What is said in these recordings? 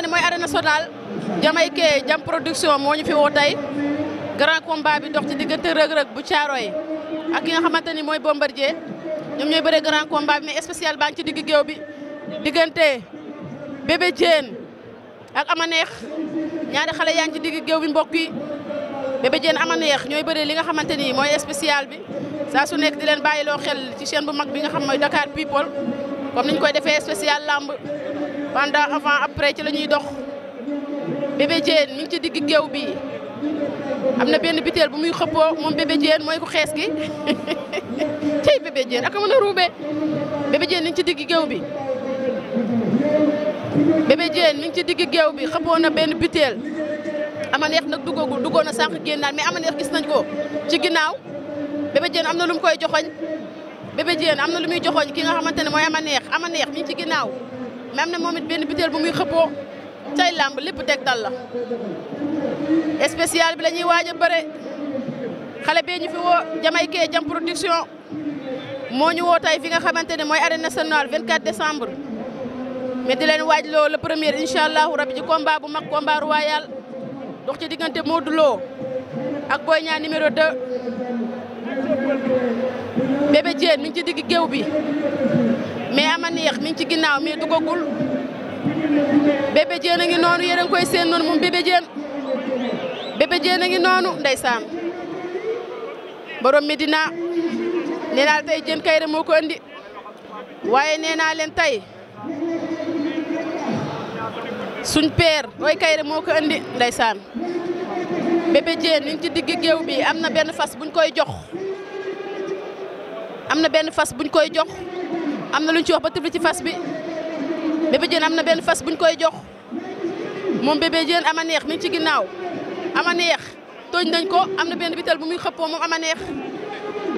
xamante ne mooy arène nationale Jamaïcain Jam production moo ñu fi woo tey grand combat bi dox ci diggante rëg bu caaro yi ak ki nga xamante ni mooy bombardier ñoom ñooy bëre grand combat bi mais spécial baa ngi ci digg géew bi diggante bébé Diène ak amaneex ñaari xale yaa ngi ci digg géew bi mbokk yi bébé Diène amaneex ñooy bëre li nga xamante ni mooy spécial bi saa su nekk di leen bàyyiloo xel ci chaîne bu mag bi nga xam mooy Dakar People comme niñ koy defee spécial lamb mandat avant après ci lañuy ñuy dox bébé Diène ci digg géew bi am na benn biteel bu muy xëppoo moom bébé Diène mooy ku xees gi tey bébé Diène ak a mën a ruube ci digg géew bi bébé Diène mi ci digg géew bi xëppoo na benn biteel ama neex nag duggagul duggoon na sànq génn daal mais ama neex gis nañ ko ci ginnaaw bébé Diène am na lu koy joxoñ bébé am na lu muy joxoñ ki nga xamante ne mooy a neex ama neex mi ci ginnaaw même na moomit benn butéel bu muy xëppoo cay làmb lépp tegtal la. spécial bi la ñuy waaj a bëre xale bee ñu fi woo Jamaïcain Jam production moo ñu woo tey fi nga xamante ne mooy arène nationale 24 décembre. mais di leen waaj loo le premier incha allahu rabi ci combat bu mag combat royal dox ci diggante Modou Lo ak Boy Niang numéro 2 Bébé Diène mi ci digg géew bi. mais ama neex mi ci ginnaaw mais duggagul bébé jéen a ngi noonu yéen a ngi koy seen noonu moom bébé jéen noonu ndeysaan borom Medina nee naa tey jën kay moo ko andi waaye nee naa leen tey suñ peer oy kayre moo ko andi ndeysaan bébé Diène ci digg géew bi am na benn fas buñ koy jox am na benn fas buñ koy jox am na lu ñu ci wax ba tibli ci fas bi bébé jën am na benn fas buñ koy jox moom bébé jën ama neex mi ci ginnaaw ama neex tooñ nañ ko am na benn biteel bu muy xëppoo moom ama neex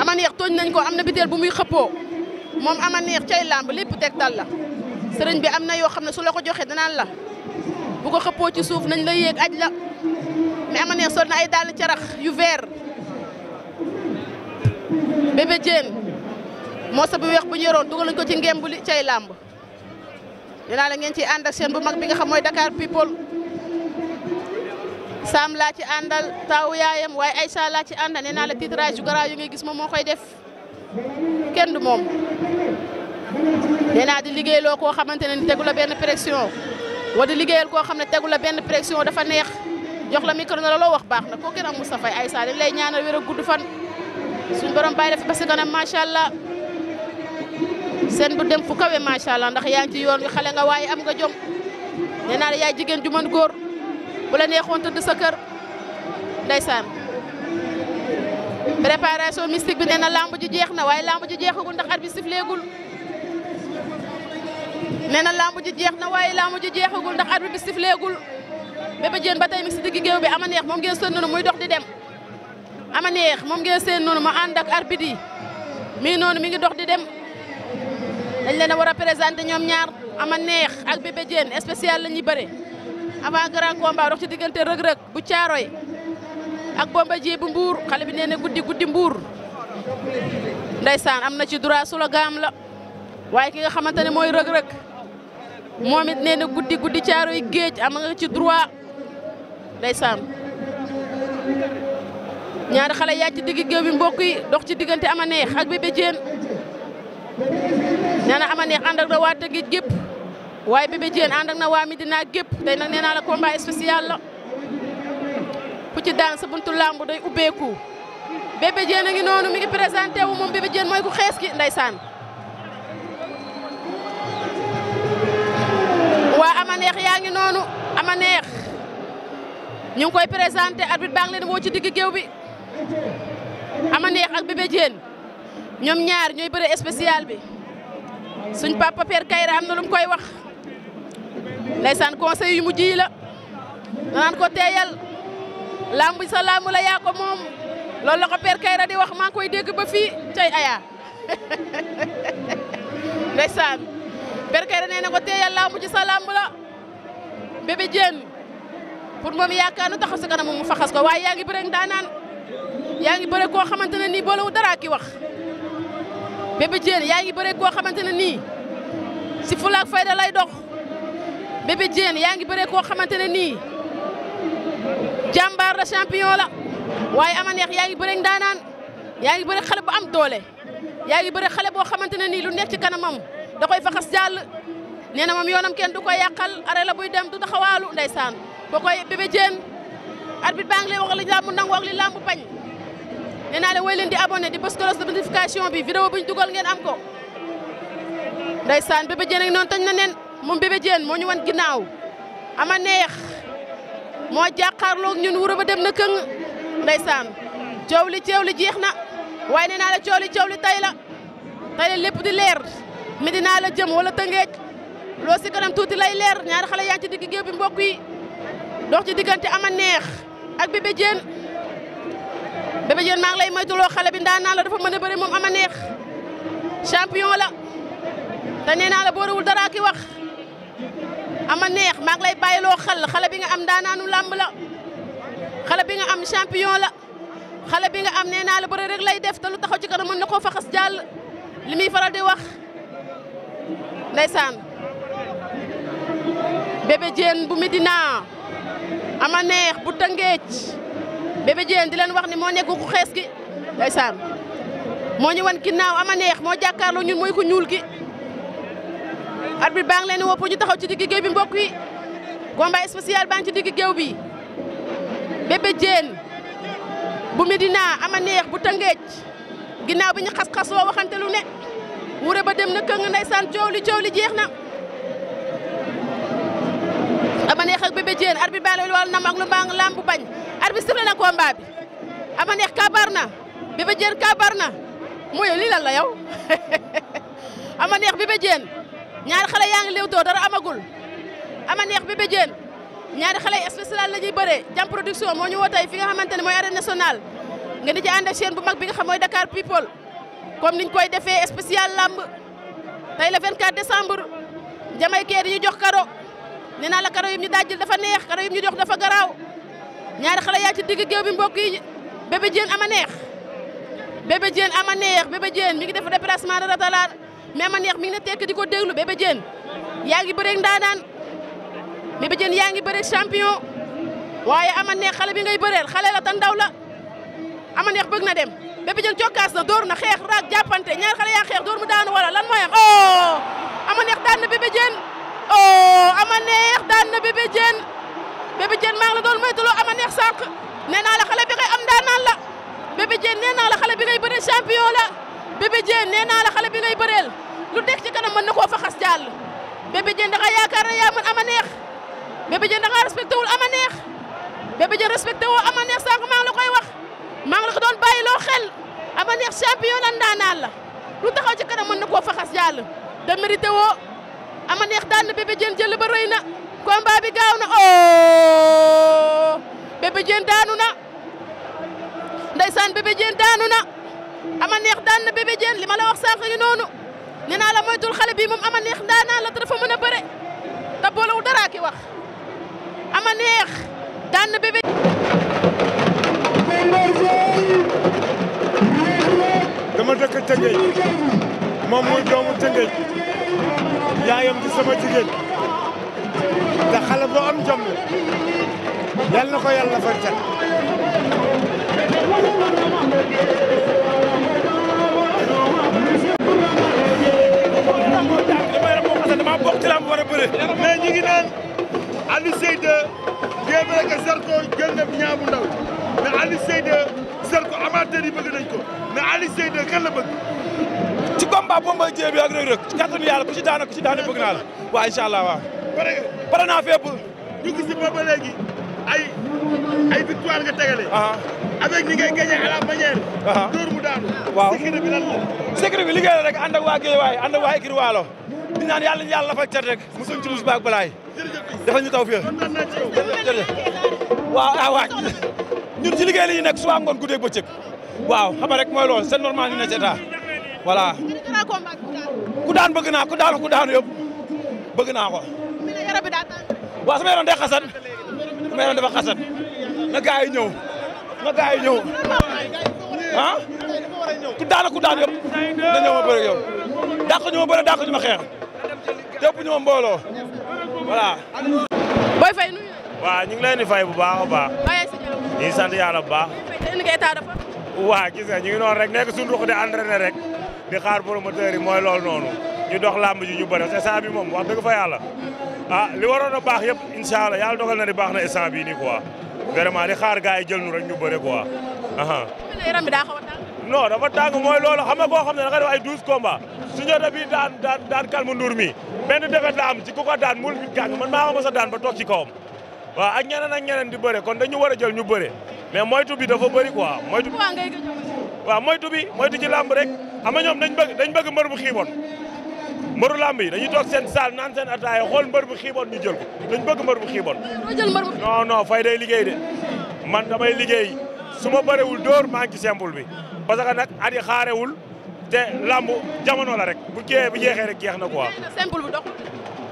ama tooñ nañ ko am na biteel bu muy xëppoo moom ama neex cay làmb lépp teg la sëriñ bi am na yoo xam ne su la ko joxee danaan la bu ko xëppoo ci suuf nañ la yéeg aj la mais ama neex sol na ay dàll carax yu vert bébé moosa bu weex bu ñu yoroon ko ci ngemb li cay làmb nee la ngeen ciy ànd ak seen bu mag bi nga xam mooy Dakar People Sam laa ci àndal taawu yaayam waaye Aïssa laa ci àndal nee la titrage yu garaaw yi ngay gis moom moo koy def kenn du moom nee naa di liggéeyloo koo xamante ne tegu la benn pression wa di liggéeyal koo xam ne tegu la benn pression dafa neex jox la micro na la loo wax baax na koo gën a Moussa Faye Aïssa dañ lay ñaanal wér a gudd fan parce que nag macha allah seen bu dem fu kawe macha allah ndax yaa ci yoon wi xale nga waaye am nga jom nee naa yaay jigéen ju mën góor bu la neexoon tëdd sa kër ndeysaan préparation mystique bi nee na lamb ji jeex na waaye lamb ji jeexagul ndax arbitre leegul nee na lamb ji jeex na waaye lamb ji jeexagul ndax arbitre sifleegul Bébé Diène ba tey mi si digg géew bi ama neex moom ngeen seen noonu muy dox di dem ama neex moom ngeen seen noonu ma ànd ak arbitre yi mii noonu mi ngi dox di dem dañ leen a war a présenter ñoom ñaar ama neex ak bébé Diène spécial la ñuy bëre avant dox ci diggante rëg-rëg bu caaroy ak ba jee bu mbuur xale bi nee na guddi guddi mbuur ndeysaan am na ci droit su la gaam la waaye ki nga xamante ne mooy rëg-rëg moom it nee na guddi guddi caaroy géej am nga ci droit ndeysaan ñaari xale yaa ci digg géew bi mbokk yi dox ci diggante ama neex ak bébé nee na ama neex na waa Tëngéej gépp waaye Bébé Diène ànd ak na waa Médina gépp tey nag nee naa la combat spécial la ku ci daan sa buntu làmb day ubbeeku Bébé Diène a ngi noonu mi ngi présenté wu mooy ku xees ki ndeysaan waa ama neex yaa ngi noonu ama neex ñu ngi koy présenté arbitre baa leen woo ci digg géew bi ama neex ak Bébé Diène ñoom ñaar ñooy bëre spécial bi suñ papa Père Kayra am na lu koy wax ndeysaan conseil yu mujj yi la danaan ko teeyal lamb sa lamb la yaa ko moom loolu la ko Père Kayra di wax maa ngi koy dégg ba fii tey aya ndeysaan Père Kayra nee ko teeyal lamb ci sa lamb la bébé Diène pour moom yaakaar nu taxaw si kanam mu faxas ko waaye yaa ngi bëre daanaan yaa ngi bëre koo xamante ne nii boolewul dara wax Bébé Diène yaa ngi bëree koo xamante ne nii si fulaak fayda lay dox Bébé Diène yaa ngi bëree koo xamante ne nii jàmbaar la champion la waaye ama neex yaa ngi bëree ndaanaan yaa ngi bëri xale am doole yaa ngi bëri xale boo xamante ne nii lu nekk ci kanamam da koy faxas jàll nee na moom yoonam kenn du koy yàqal are la buy dem du taxawaalu ndeysaan ko koy Bébé Diène arbitre baa ngi lay wax li nangu ak li làmb nee naa leen woy leen di abonné di bës cloche de notification bi vidéo buñ dugal ngeen am ko ndeysaan bébé Diène ak noonu tañ na neen moom bébé Diène moo ñu wan ginnaaw ama neex moo jàkkaarloog ñun wuro ba dem na këng ndeysaan coow li coow li jeex na waaye nee naa la coow li coow li tay la tay lépp di leer naa la jëm wala Tëngéej loo si kanam tuuti lay leer ñaari xale yaa ngi bi mbokk yi dox ci diggante ama neex ak bébé Bébé Diène maa ngi lay moytuloo xale bi ndaa la dafa mën a bëri moom ama neex champion la te nee naa la boorewul dara ki wax ama neex maa ngi lay bàyyiloo xel xale bi nga am ndaa naanu làmb la xale bi nga am champion la xale bi nga am nee naa la bëri rek lay def ta lu taxaw ci kanam mën na koo faxas jàll li muy faral di wax ndeysaan Bébé Diène bu Medina ama neex bu Tëngéej bébé Diène di leen wax ni moo nekk ku xees ki ndeysaan moo ñu wan ginnaaw ama neex moo jàkkaarloo ñun mooy ku ñuul ki arbitre baa leen woo pour ñu taxaw ci digg géew bi mbokk yi combat spécial baa ngi ci digg géew bi bébé Diène bu dinaa ama neex bu Tëngéej ginnaaw bi ñu xas-xasoo waxante lu ne wure ba dem na këng ndeysaan coow li coow li jeex na jéen arbi bi bàyyi la wala nam ak lu mbaa lamb bañ arbi bi sifle na combat bi ama neex kabar na Bébé Diène kabar na mooy lii lan la yow ama neex Bébé Diène ñaari xale yaa ngi léewtoo dara amagul ama neex Bébé Diène ñaari xale spécial la ñuy bëree jam production moo ñu woo tey fi nga xamante ne mooy arène nationale nga di ci ànd ak chaîne bu mag bi nga xam mooy Dakar People comme niñ koy defee spécial lamb tey le 24 décembre jamay kee di ñu jox kado nee naa la karo yim ñu dafa neex karo yim ñu jox dafa garaaw ñaari xale yaa ci digg géew bi mbokk yi bébé Diène ama neex bébé Diène ama neex bébé Diène mi ngi def déplacement de ratalaar mais ama neex mi ngi ne tekk di ko déglu bébé Diène yaa ngi bëreeg ndaanaan bébé Diène yaa ngi bëreeg champion waaye ama neex xale bi ngay bëreel xale la tan la ama neex bëgg na dem bébé Diène cokkaas na dóor na xeex raak jàppante ñaari xale yaa xeex dóor mu daanu wala lan mooy am oh! ama neex daan oh ama neex daan na bébé Diène bébé la doon moytuloo ama neex sànq la xale bi ngay am ndaanaan la bébé Diène la xale bi ngay bëreel champion la bébé Diène la xale bi ngay bëreel lu teg ci kanam mën na koo fa xas jàll bébé Diène da nga yaakaar ne yaa mën ama neex bébé Diène da nga la koy wax maa la ko doon bàyyi xel ama neex champion la la lu taxaw ci kanam mën na ama neex daan na Bébé Diène jël ba rëy na combat bi gaaw na oh Bébé daanu na ndeysaan Bébé daanu na ama neex daan na li ma wax sànq noonu nee naa la moytul xale bii moom ama neex daanaa la te dafa mën a bëre te boolewul dara ki wax ama neex daan na Bébé dama dëkk Tëngéej moom muy doomu Tëngéej yaayam di sama jigéen te xale jom la yal na ko yàlla far cat dama bokk ci lamb war a bëre mais ñi ngi naan Aliou Seye 2 bien na Niang ndaw mais Aliou Seye 2 Zarko amateur yi bëgg nañ ko mais Aliou Seye 2 ci combat Bombardier bi ak Reug Reug ci kattanu yàlla ku ci daana ku ci daana bëgg naa la waaw incha allah waaw. pare pare naa fépp. ñu gis ni booba léegi ay ay victoire nga tegale. avec ni ngay gagné à la manière. dóor mu daanu. waaw secret bi la. rek ànd waa Guédiawaye ànd ak waa Ikir Waalo. di naan yàlla yàlla dafa cat rek mosuñ ci mus baag balaay. jërëjëf dafa ñu taw fii jërëjëf waaw ah waay ñun ci ñu nekk suba ngoon guddeeg bëccëg waaw xam rek mooy loolu c'est normal ñu naa ku daan bëgg naa ku daanu ku daanu bëgg naa ko. mi ne yaram bi daa tàng. waaw sama yaram day xasan sama yaram dafa xasan na gars yi ñëw na gars ñëw ah ku daanu ku daanu yëpp na ñëw ma bëri yow dàq ñu ma bëri dàq ñu ma xeex yëpp ñu ma mbooloo voilà. fay bu baax a baax. ñu ngi bu baax. waaw gis nga ñu ngi noonu rek nekk suñu ruq di entraîné rek. di xaar promoteurs yi mooy loolu noonu ñu dox làmb ji ñu bëri instant bi moom wax dëgg fa yàlla ah li waroon a baax yëpp incha allah yàlla dogal na ni baax na instant bii nii quoi vraiment di xaar gars yi jël nu rek ñu bëre quoi. yaram bi daa xaw a tàng. non dafa mooy loolu xam nga koo xam ne da nga def ay douze combats su ñëw bi daan daan daan kalmu nduur mi benn defet la am daan mu ngi man maa ma sa daan ba toog ci kawam waaw ak ñeneen ak ñeneen di bëre kon dañu war a jël ñu bëre mais moytu bi dafa bëri quoi moytu. waaw moytu bi moytu ci làmb rek xam nga ñoom dañ bëgg dañ bëgg mbër bu xiiboon mbëru làmb yi dañuy toog seen saal naan seen ataaya xool mbër bu xiiboon ñu jël ko dañ bëgg mbër bu xiiboon non non fay day liggéey de man damay liggéey su ma bërewul dóor maa ki ci bi parce que nag at yi xaarewul te làmb jamono rek bu kiiwee bu jeexee rek jeex na quoi simple bi dox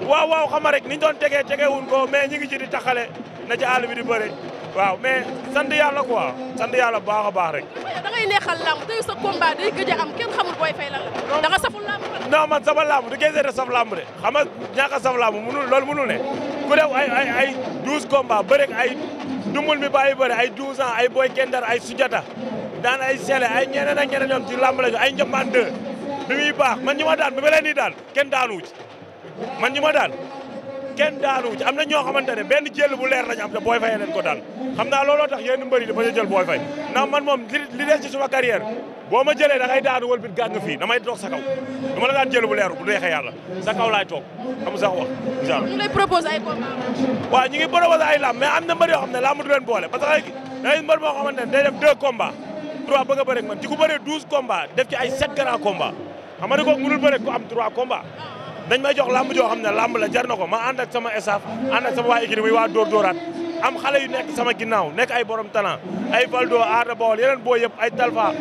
waaw waaw xam nga rek niñ toon tegee tegee wuñ ko mais ñi ngi ci di taxale na ci àll bi di bëre waaw mais sant yàlla quoi sant yàlla baax a baax rek. da ngay neexal làmb tey sa combat day gëj a am kenn xamul Boy Faye lan la. da nga saful làmb non man sama làmb du gisee de saf làmb de xam nga ñàkk a saf làmb munul loolu munul ne ku ay ay ay douze combats ba ay dumul mi bàyyi bëri ay douze ans ay Boy Kendar ay Sujata daan ay Sele ay ñeneen ak ñeneen ñoom ci làmb lañu ay Njambaan 2 bi muy baax man ñi ma daan bi ma leen di daan kenn daanuwu ci man ñi ma daan. kenn daanu ci am na ñoo xamante ne benn jël bu leer lañu am te booy fay leen ko daan xam naa looloo tax yéen mbëri dafa ñu jël booy fay ndax man moom li des ci suma carrière boo ma jëlee daanu wal bit gàng fii damay toog sa kaw du ma la daan bu leer bu neexee yàlla sa kaw laay toog xam sax wax incha allah ñu lay proposé ay combat am na mbër yoo xam ne lamb du leen boole parce que dangay mbër moo xamante ne day def deux combats trois bëgg a bëre n man ci ku bëree douze combats def ci ay sept grands combats xam nga ne kooku mënul bëre dañ may jox làmb joo xam ne làmb la jar na ko ma ànd ak sama staff ànd ak sama waa écurie muy waa Dóor Dóoraat am xale yu nekk sama ginnaaw nekk ay borom talent ay Valdo Aada Bawol yeneen boo yëpp ay Talfa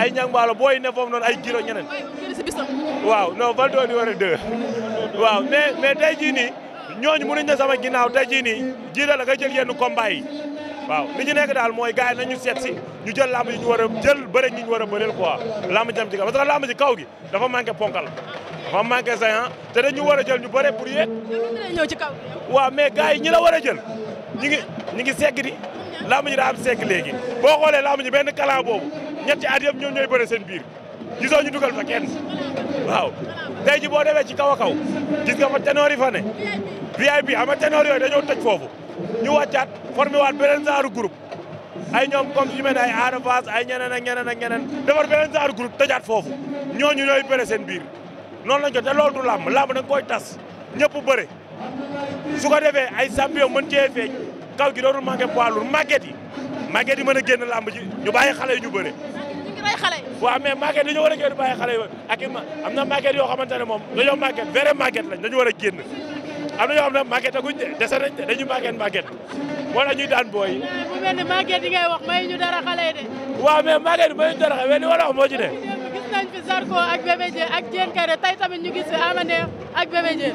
ay ñangbaalo booy ne foofu noonu ay giro ñeneen waaw non Valdo di war a deux waaw mais mais tey jii nii ñooñu mënuñ ne sama ginnaaw tey jii nii jiital la nga jël yenn combat yi waaw li ñu nekk daal mooy gars yi nañu seet si ñu jël lamb yi ñu jël bëre ñi ñu war a bëreel quoi lamb jam ci kaw parce ci kaw gi dafa manqué ponkal dafa manqué ah. te dañu war a jël ñu bëre pour yéeg. ñëw ci kaw waaw mais ñi la war a jël ñi ngi ñi ngi segg di laamu ñi daa am léegi boo xoolee laamu ñi benn kalan boobu ñetti at yëpp ñoom ñooy bëre seen biir gisoo ñu dugal fa kenn waaw tey ji boo demee ci kaw a kaw gis nga fa ténor yi fa ne VIP bi ama ténor yooyu dañoo toj foofu ñu wàccaat formé waat beneen genre groupe ay ñoom comme yu mel ne ay Ada ay ñeneen ak ñeneen ak ñeneen defar beneen genre groupe tëjaat foofu ñooñu ñooy bëre seen biir noonu lañ ko te loolu du làmb làmb da nga koy tas ñëpp bëre su ko defee ay champion mën cee feeñ kaw gi dootul manqué poids lourd màgget yi màgget yi mën a génn làmb ji ñu bàyyi xale yu ñu bëre waaw mais màgget dañoo war a génn bàyyi xale yi ak i ma am na màgget yoo xamante ne moom dañoo màgget vrai màgget lañ dañu war a génn am na yoo xam ne màgget aguñ de dese nañ de ñu màgget màgget moo tax ñuy daan booy yi. bu mel ni màgget yi ngay wax may ñu dara xale yi de. waaw mais màgget yi may dara xale yi ni wala wax moo ci ne. gis nañ fi Zarko ak Bébé Diène ak Diène Kairé tey tamit ñu gis fi Ama Neex ak Bébé Diène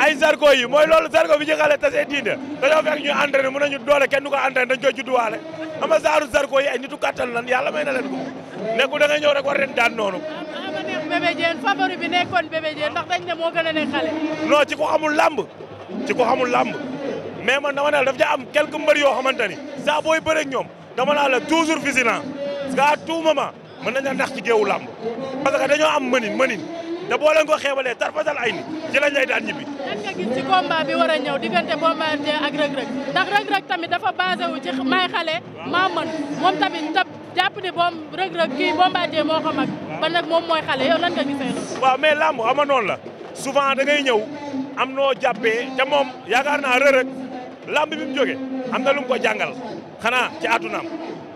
ay Zarko mooy loolu Zarko bi ci xale tasee ta dañoo fekk ñu entraîné mën nañu doole kenn du ko entraîné dañ koy judduwaale ama zaaru Zarko yi ay nitu kattan lan yàlla may na leen ko nekku da ngay ñëw rek war leen daan noonu Ama Neex Bébé Diène favori bi nekkoon Bébé Diène ndax dañ ne moo gën a nekk xale non ci ko xamul làmb ci ko xamul lamb mais man dama ne daf ca am quelques mbër yoo xamante ni saa booy bëre ak ñoom dama naa la toujours vigilant parce que tout moment mën nañ la nax ci géewu làmb parce que dañoo am mënin mënin te boo leen ko xeebalee tarfatal ay ni ci lañ lay daan ñibbi. lan nga gis ci combat bi war a ñëw diggante Bombardier ak Reug Reug ndax Reug Reug tamit dafa basé wu ci may xale maa mën moom tamit tab jàpp ni boom Reug Reug kii Bombardier moo ko mag ba moom mooy xale yow lan nga gisee loolu. waaw mais làmb ama noonu la souvent da ngay ñëw am noo jàppee te moom yaakaar naa Reug Reug làmb bi mu jógee am na lum mu ko jàngal xanaa ci àddunaam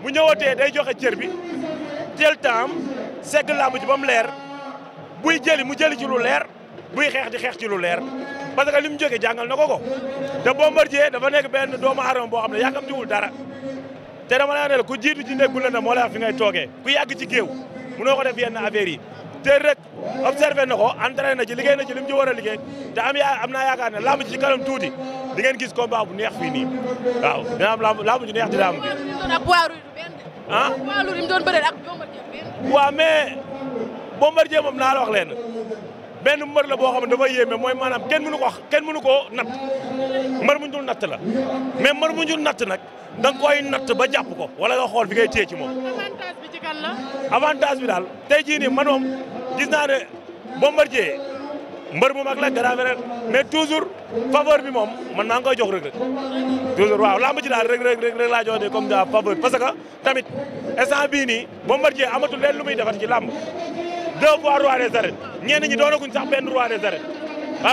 mu ñëwatee day joxe cër bi. teel temps am segg làmb ji ba mu leer buy jëli mu jëli ci lu leer buy xeex di xeex ci lu leer parce que li mu jógee jàngal na ko ko te Bombardier dafa nekk benn doomu aadama boo xam ne yàkkamtiwul dara te dama lay ne la ku jiitu ci nekkul ne moo lay wax fi ngay toogee ku yàgg ci géew mënoo ko def yenn affaires yi te rek observé na ko entraîné na ci liggéey na ci li mu ci a liggéey te am yaa am naa yaakaar ne làmb ji ci kanam tuuti di ngeen gis combat bu neex fii waaw dina am làmb neex di làmb bi ah. waaw loolu doon bëree ak waaw naa la wax leen benn mbër la boo xam ne dafa yéeme mooy maanaam kenn mënu ko wax kenn mënu koo natt mbër mu ñu dul natt la mais mbër mu ñu dul natt nag da nga koy natt ba jàpp ko wala nga xool fi ngay téye ci moom. avantage bi ci la. avantage bi daal tey jii nii man moom gis naa ne Bombardier mbër bu mag la grand frère mais toujours faveur bi moom man maa ngi koy jox Reug Reug toujours waaw lamb ji daal Reug Reug Reug Reug laa jox de comme da faveur parce que tamit instant bii nii Bombardier amatul leen lu muy defaat ji lamb deux fois roi des arènes ñenn ñi doonaguñ sax benn roi des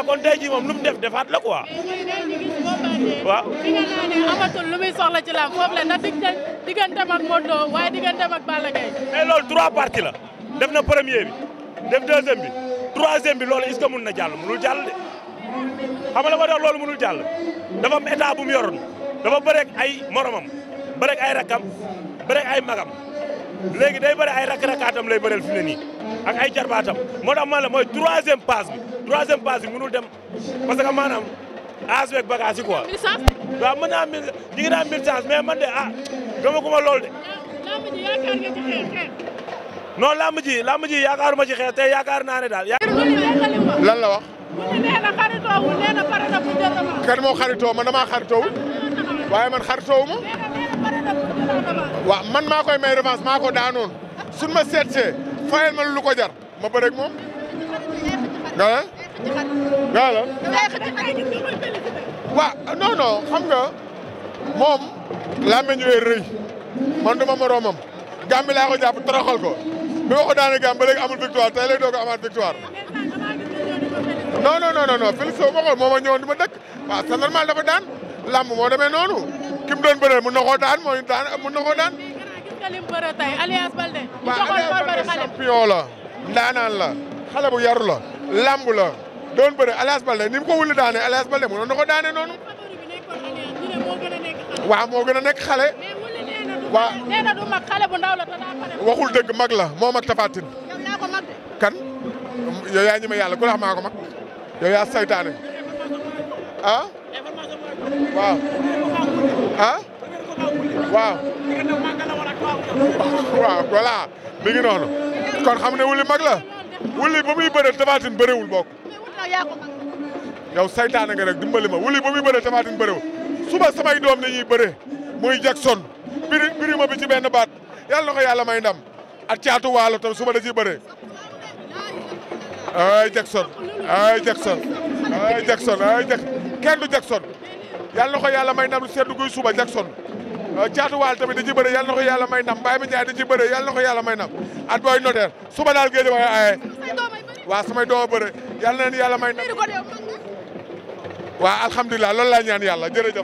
kon tey moom lu mu def defaat la quoi. waa fi nga naa ne amatul lu muy soxla ci lamb foofu la na digganteem ak Modou Lo waaye digganteem ak Balla Gaye mais loolu trois parties la def na premier bi troisième bi loolu est mun na jàll munul jàll de xam nga la ma doon loolu munul jàll dafa am état bu mu dafa bëreeg ay moromam bëreeg ay rakam bëreeg ay magam léegi day bëri ay rakk-rakkaatam lay bëreel fi ne ak ay jarbaatam moo tax man la mo troisième passe bi troisième bi munul dem parce que maanaam aas beeg bagage yi quoi. waaw mën naa am mille ñu ngi naan mais man de ah gëmaguma loolu de. làmb ji yaakaar nga ci xeex xeex. non làmb ji làmb ji yaakaaruma ci xeex yaakaar naa ne daal. lan la wax. kan moo xaritoo man damaa xaritoo waaye man xaritoo ma. waaw man maa koy may revanche maa ko daanoon suñ ma seetsee fayal ma lu ko jar ma bëreeg moom. nga la. waaw non xam nga moom laa mel ni rëy man duma moroomam gàmbi laa ko jàpp toroxal ko bi ma ko daanee gàmb ba amul victoire tey lay doog a amaat victoire. non non non non Félix Sow ma xool moo ma ñëwoon di ma dëkk waaw c'est normal dafa daan làmb moo demee noonu ki mu doon bëreel mun na koo daan mooy daan mun na koo daan. lim bëre tey Alliance Baldé ñu joxoon moo bëri xale champion la ndaanaan la xale bu yaru la làmb la doon bëre Alliance Baldé ni mu ko wuli daane Alliance Baldé mu noonu na ko daane noonu waaw moo gën a nekk xale waaw nee na du mag xale bu ndaw la te daa pare waxul dëgg mag la moo mag Tapha Tine kan yow yaa ñi ma yàlla ku la xam maa ko mag yow yaa seytaane ah waaw ah waaw waaw mi ngi noonu kon xam ne wuli mag la wuli ba muy bëre tabatin bëriwul bokk yow saytaane nga rek dimbali ma wuli ba muy bëre tabatin bëriwul suba samay doom dañuy bëre muy Jackson biri birima bi ci benn baat yàlla na ko yàlla may ndam ak caatu waalo tam suba da ciy bëre ay Jackson ay Jackson ay Jackson ay Jackson kenn du Jackson yàlla na ko yàlla may ndam lu seddu guy suba Jackson caatuwaal euh, tamit da ci bëre yàlla na ko yàlla may ndam Baye mi da ci bëre yàlla na ko yàlla may ndam at booy notaire suba daal géej waaye ay waaw samay doom a bëre yàlla na leen yàlla may ndam waaw alhamdulilah loolu laa ñaan yàlla ja